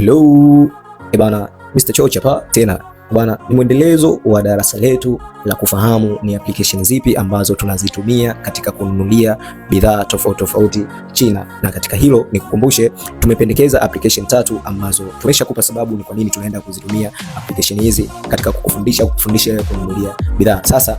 Hello. E bana, Mr. Chochi hapa tena. Eh bana, ni mwendelezo wa darasa letu la kufahamu ni application zipi ambazo tunazitumia katika kununulia bidhaa tofauti tofauti China. Na katika hilo nikukumbushe, tumependekeza application tatu ambazo tumeshakupa sababu ni kwa nini tunaenda kuzitumia application hizi katika kukufundisha kukufundisha kununulia bidhaa. Sasa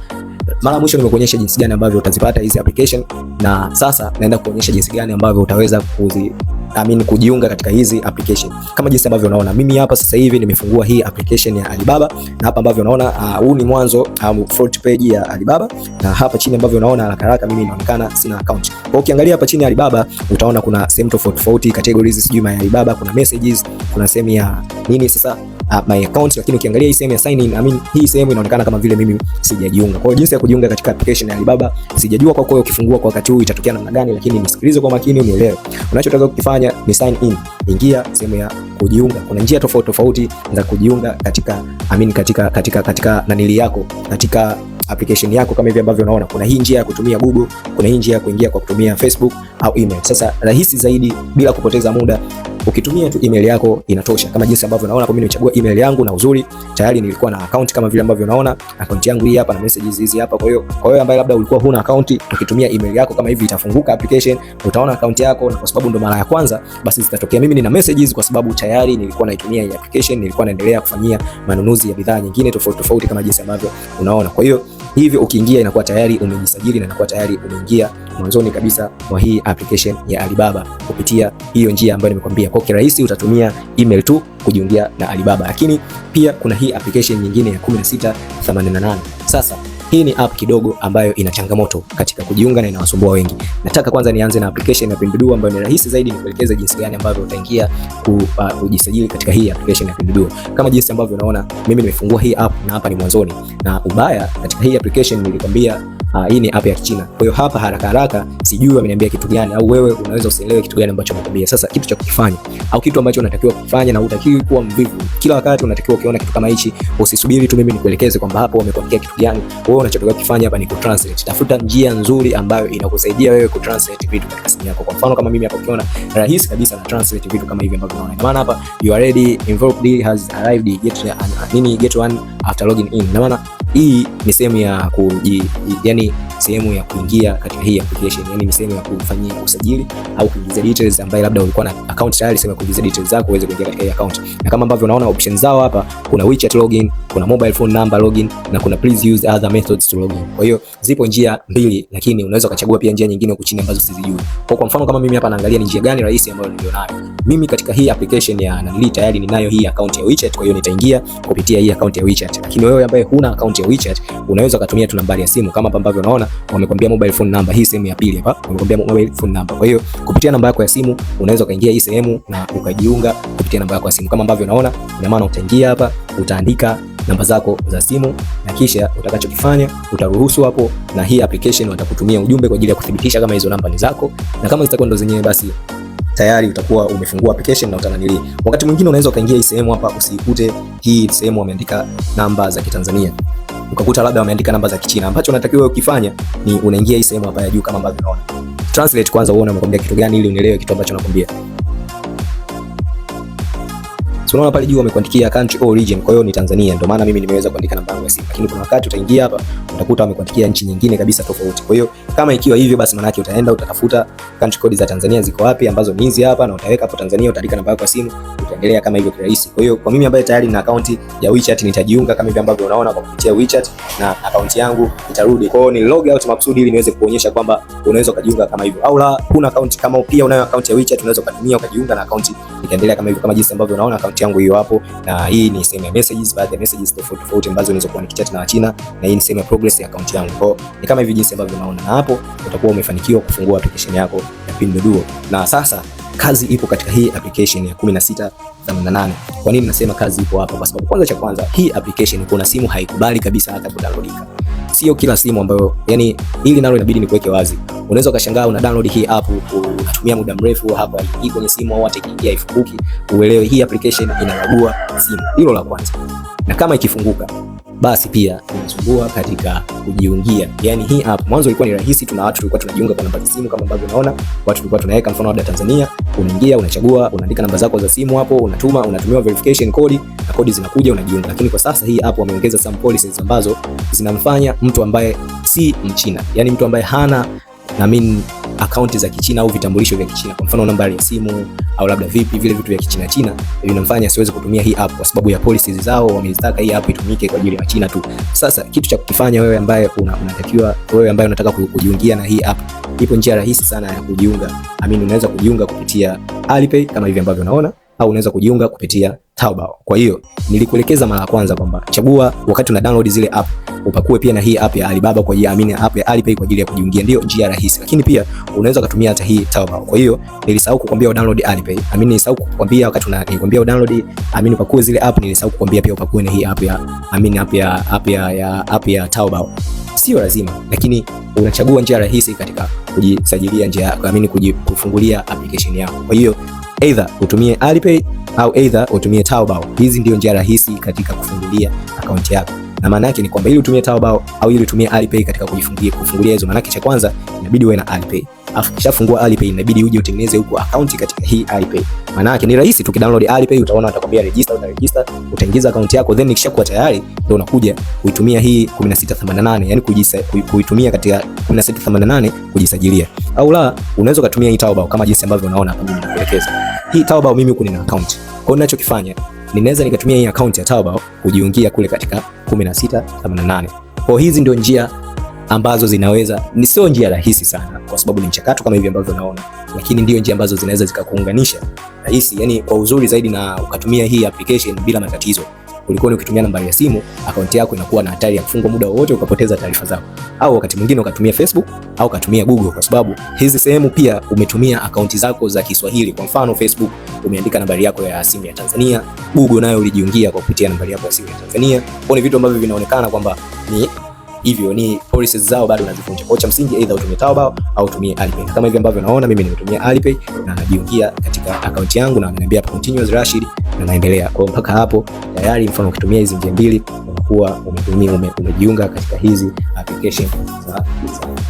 mara mwisho nimekuonyesha jinsi gani ambavyo utazipata hizi application, na sasa naenda kuonyesha jinsi gani ambavyo utaweza kuzi I mean, kujiunga katika hizi application kama jinsi ambavyo unaona mimi hapa sasa hivi nimefungua hii application ya Alibaba, na hapa ambavyo unaona ah, huu uh, ni mwanzo um, front page ya Alibaba, na hapa chini ambavyo unaona haraka haraka mimi inaonekana sina account. Kwa ukiangalia hapa chini ya Alibaba utaona kuna sehemu tofauti tofauti, categories sijui ya Alibaba, kuna messages, kuna sehemu ya nini sasa uh, ah, my account, lakini ukiangalia hii sehemu ya sign in, I mean hii sehemu inaonekana kama vile mimi sijajiunga. Kwa hiyo jinsi ya kujiunga katika application ya Alibaba sijajua, kwa hiyo ukifungua kwa wakati huu itatokea namna gani, lakini nisikilize kwa makini unielewe. Unachotaka kufanya ni sign in, ingia sehemu ya kujiunga. Kuna njia tofauti tofauti za kujiunga katika I mean katika katika katika nanili yako katika application yako kama hivi ambavyo unaona, kuna hii njia ya kutumia Google, kuna hii njia ya kuingia kwa kutumia Facebook au email. Sasa rahisi zaidi bila kupoteza muda ukitumia tu email yako inatosha, kama jinsi ambavyo unaona kwa mimi nimechagua email yangu, na uzuri tayari nilikuwa na account kama vile ambavyo unaona account yangu hii hapa na messages hizi hapa. Kwa hiyo kwa wewe ambaye labda ulikuwa huna account, ukitumia email yako kama hivi, itafunguka application, utaona account yako, na kwa sababu ndo mara ya kwanza, basi zitatokea. Mimi nina messages kwa sababu tayari nilikuwa naitumia hii application, nilikuwa naendelea kufanyia manunuzi ya bidhaa nyingine tofauti tofauti kama jinsi ambavyo unaona, kwa hiyo Hivyo ukiingia inakuwa tayari umejisajili na inakuwa tayari umeingia mwanzoni kabisa mwa hii application ya Alibaba kupitia hiyo njia ambayo nimekwambia. Kwa kirahisi utatumia email tu kujiungia na Alibaba, lakini pia kuna hii application nyingine ya 1688. Sasa hii ni app kidogo ambayo ina changamoto katika kujiunga na inawasumbua wengi. Nataka kwanza nianze na application ya Pinduoduo ambayo ni rahisi zaidi, nikuelekeze jinsi gani ambavyo utaingia uh, kujisajili uh, katika hii application ya Pinduoduo. Kama jinsi ambavyo unaona mimi nimefungua hii app na hapa ni mwanzoni, na ubaya katika hii application nilikwambia uh, hii ni app ya Kichina. Kwa hiyo hapa haraka haraka sijui wameniambia kitu gani au wewe unaweza usielewe kitu gani ambacho nakwambia. Sasa kitu cha kukifanya au kitu ambacho unatakiwa kufanya, na utakiwi kuwa mvivu. Kila wakati unatakiwa ukiona kitu kama hichi, usisubiri tu mimi nikuelekeze kwamba hapo wamekuambia kitu gani. Wewe unachotakiwa kufanya hapa ni ku translate. Tafuta njia nzuri ambayo inakusaidia wewe ku translate vitu katika simu yako. Kwa mfano kama mimi hapa ukiona rahisi kabisa na translate vitu kama hivi ambavyo unaona. Maana hapa you are already involved has arrived yet uh, nini get one after login in. Na maana hii ni sehemu ya kuji, yani sehemu ya kuingia katika hii application, yani ni sehemu ya kufanyia usajili au kuingiza details ambaye labda ulikuwa na account tayari, sema kuingiza details zako uweze kuingia katika hii account. Na kama ambavyo unaona options zao hapa, kuna WeChat login, kuna mobile phone number login na kuna please use other methods to login. Kwa hiyo zipo njia mbili, lakini unaweza kuchagua pia njia nyingine huko chini ambazo sizijui. Kwa kwa mfano kama mimi hapa naangalia ni njia gani rahisi ambayo nilionayo mimi katika hii application ya nanili, tayari ninayo hii account ya WeChat, kwa hiyo nitaingia kupitia hii account ya WeChat, lakini wewe ambaye huna account ya WeChat unaweza kutumia tu nambari ya simu kama hapa ambavyo unaona wamekwambia mobile phone number, hii sehemu ya pili hapa wamekwambia mobile phone number. Kwa hiyo kupitia namba yako ya simu unaweza kaingia hii sehemu na ukajiunga kupitia namba yako ya simu kama ambavyo unaona. Ina maana utaingia hapa, utaandika namba zako za simu na kisha utakachokifanya utaruhusu hapo, na hii application watakutumia ujumbe kwa ajili ya kuthibitisha kama hizo namba ni zako, na kama zitakuwa ndo zenyewe basi tayari utakuwa umefungua application na utananili. Wakati mwingine unaweza ukaingia hii sehemu hapa, usikute hii sehemu wameandika namba za Kitanzania ukakuta labda wameandika namba za Kichina. Ambacho unatakiwa ukifanya ni unaingia hii sehemu hapa ya juu kama ambavyo unaona. Translate kwanza uone umekwambia kitu gani ili unielewe kitu ambacho nakwambia. So unaona pale juu wamekuandikia country origin, kwa hiyo ni Tanzania, ndio maana mimi nimeweza kuandika namba yangu ya simu. Lakini kuna wakati utaingia hapa utakuta wamekuandikia nchi nyingine kabisa tofauti. Kwa hiyo kama ikiwa hivyo, basi maana yake utaenda utatafuta country code za Tanzania ziko wapi, ambazo ni hizi hapa, na utaweka hapo Tanzania, utaandika namba yako ya simu, utaendelea kama hivyo kirahisi. Kwa hiyo kwa mimi ambaye tayari nina account ya WeChat nitajiunga kama hivi ambavyo unaona kwa kupitia WeChat na account yangu itarudi. Kwa hiyo ni log out maksudi ili niweze kuonyesha kwamba unaweza kujiunga kama hivyo, au la, kuna account kama pia unayo account ya WeChat unaweza kutumia ukajiunga na account nitaendelea kama hivyo, kama jinsi ambavyo unaona akaunti yangu hiyo hapo, na hii ni sehemu ya messages, baadhi ya messages tofauti tofauti ambazo nilizokuwa nikichat na wachina, na hii ni sehemu ya progress ya akaunti yangu. Kwa ni kama hivyo jinsi ambavyo unaona, na hapo utakuwa umefanikiwa kufungua application yako ya Pinduoduo, na sasa kazi ipo katika hii application ya 1688. Kwa nini nasema kazi ipo hapa? Kwa sababu kwanza, cha kwanza hii application kuna simu haikubali kabisa hata kudownloadika sio kila simu ambayo, yani hili nalo inabidi nikuweke wazi. Unaweza ukashangaa una download hii app unatumia muda mrefu hapa hii kwenye simu au hata ikiingia ifunguki, uelewe hii application inalagua simu. Hilo la kwanza, na kama ikifunguka basi pia inasumbua katika kujiungia. Yani hii app mwanzo ilikuwa ni rahisi, tuna watu tulikuwa tunajiunga kwa namba za simu kama ambavyo unaona, watu tulikuwa tunaweka mfano labda Tanzania, unaingia unachagua, unaandika namba zako za simu hapo, unatuma, unatumiwa verification code na kodi zinakuja, unajiunga. Lakini kwa sasa hii app wameongeza some policies ambazo zinamfanya mtu ambaye si Mchina, yani mtu ambaye hana na mimi akaunti za Kichina au vitambulisho vya Kichina, kwa mfano nambari ya simu au labda vipi, vile vitu vya Kichina China vinamfanya asiweze kutumia hii app kwa sababu ya policies zao. wamezitaka hii app itumike kwa ajili ya China tu. Sasa kitu cha kukifanya wewe ambaye unatakiwa, wewe ambaye unataka kujiungia na hii app, ipo njia rahisi sana ya kujiunga. I mean, unaweza kujiunga kupitia Alipay kama hivi ambavyo unaona au unaweza kujiunga kupitia Taobao. Kwa hiyo nilikuelekeza mara ya kwanza kwamba chagua wakati una download zile app upakue pia na hii app ya Alibaba kwa ajili ya amini, app ya Alipay kwa ajili ya kujiungia, ndio njia rahisi, lakini pia unaweza kutumia hata hii Taobao. Kwa hiyo nilisahau kukuambia u download Alipay, amini nilisahau kukuambia wakati una nikuambia u download amini upakue zile app, nilisahau kukuambia pia upakue na hii app ya amini, app ya app ya ya app ya Taobao. Sio lazima, lakini unachagua njia rahisi katika kujisajilia njia, amini kujifungulia application yako. Kwa hiyo Either utumie Alipay au either utumie Taobao. Hizi ndio njia rahisi katika kufungulia akaunti yako, na maana yake ni kwamba ili utumie Taobao au ili utumie Alipay katika kujifungulia kufungulia hizo, maana yake cha kwanza inabidi uwe na Alipay afu ukishafungua Alipay inabidi uje utengeneze huko account katika hii Alipay. Maana yake ni rahisi tu, ukidownload Alipay utaona atakwambia register, uta register, utaingiza account yako then ikishakuwa tayari ndio unakuja kuitumia hii 1688, yani kujisa, kuitumia katika 1688 kujisajilia. Au la, unaweza kutumia hii Taobao kama jinsi ambavyo unaona hapa mimi nakuelekeza. Hii Taobao mimi huko nina account. Kwa hiyo ninachokifanya ninaweza nikatumia hii account ya Taobao kujiungia kule katika 1688. Kwa hizi ndio njia ambazo zinaweza ni sio njia rahisi sana, kwa sababu ni mchakato kama hivi ambavyo naona, lakini ndio njia ambazo zinaweza zikakuunganisha rahisi, yani kwa uzuri zaidi, na ukatumia hii application bila matatizo kuliko ukitumia nambari ya simu. Akaunti yako inakuwa na hatari ya kufungwa muda wowote, ukapoteza taarifa zako, au wakati mwingine ukatumia Facebook au ukatumia Google, kwa sababu hizi sehemu pia umetumia akaunti zako za Kiswahili. Kwa mfano, Facebook umeandika nambari yako ya simu ya Tanzania, Google nayo ulijiungia kwa kupitia nambari yako ya simu ya Tanzania. Kwa ni vitu ambavyo vinaonekana kwamba ni hivyo ni policies zao bado unazivunja. Kwa cha msingi aidha utumie Taobao au utumie Alipay. Kama hivi ambavyo unaona mimi nimetumia Alipay na najiungia katika akaunti yangu na ananiambia continuous Rashid na naendelea. Kwa mpaka hapo tayari mfano ukitumia hizi njia mbili unakuwa umejiunga katika hizi application za